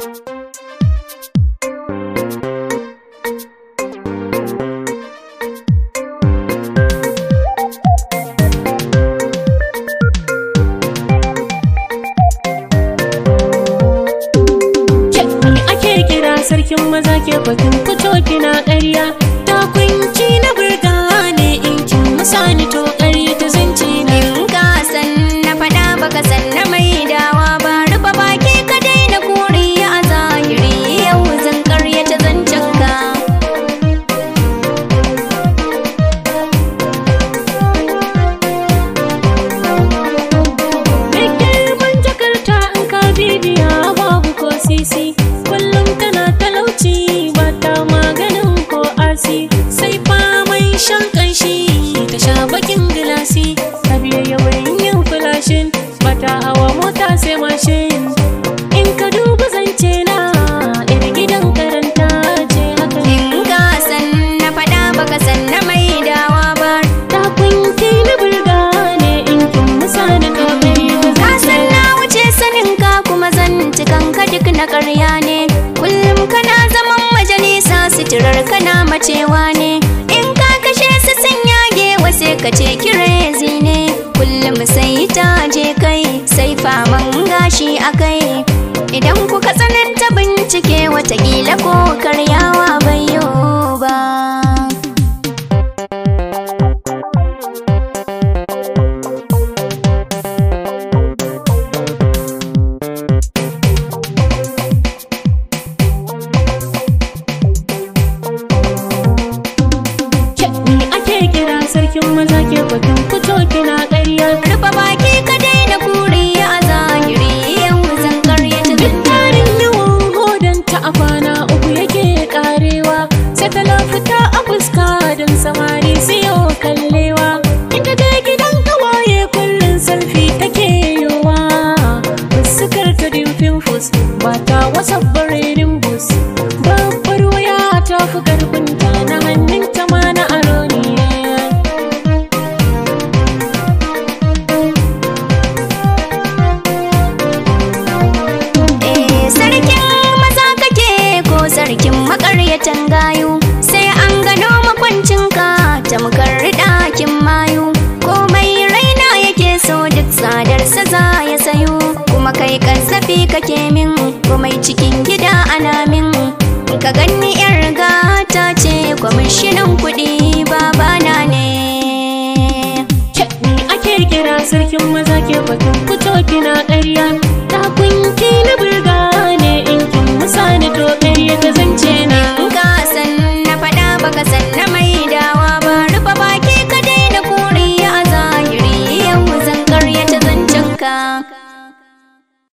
sarkin maza ke kwakin fito kina ƙarya ta na birni hantsi sai faman shan kanshi ta sha bakin gilasi ta biya yawan yin filashin mata hawa mota sai mashin in ka duba zance na iri gidan karanta ce haka in ka san na faɗa baka san na mai dawa ba ta kunki na bulga ne in kin musa da kafai za su na wuce sanin ka kuma zan kanka duk na karya ne kullum kana zaman majalisa suturar ka Cewa ne in ka kashe su sun yage wasu ka ce but I was a bird. tafi kake min komai cikin gida ana min ka ganni yar gata ce kwamishinan kuɗi babana ne ni a kirkira sarkin maza ke batun fito kina ƙarya ta kunki na burga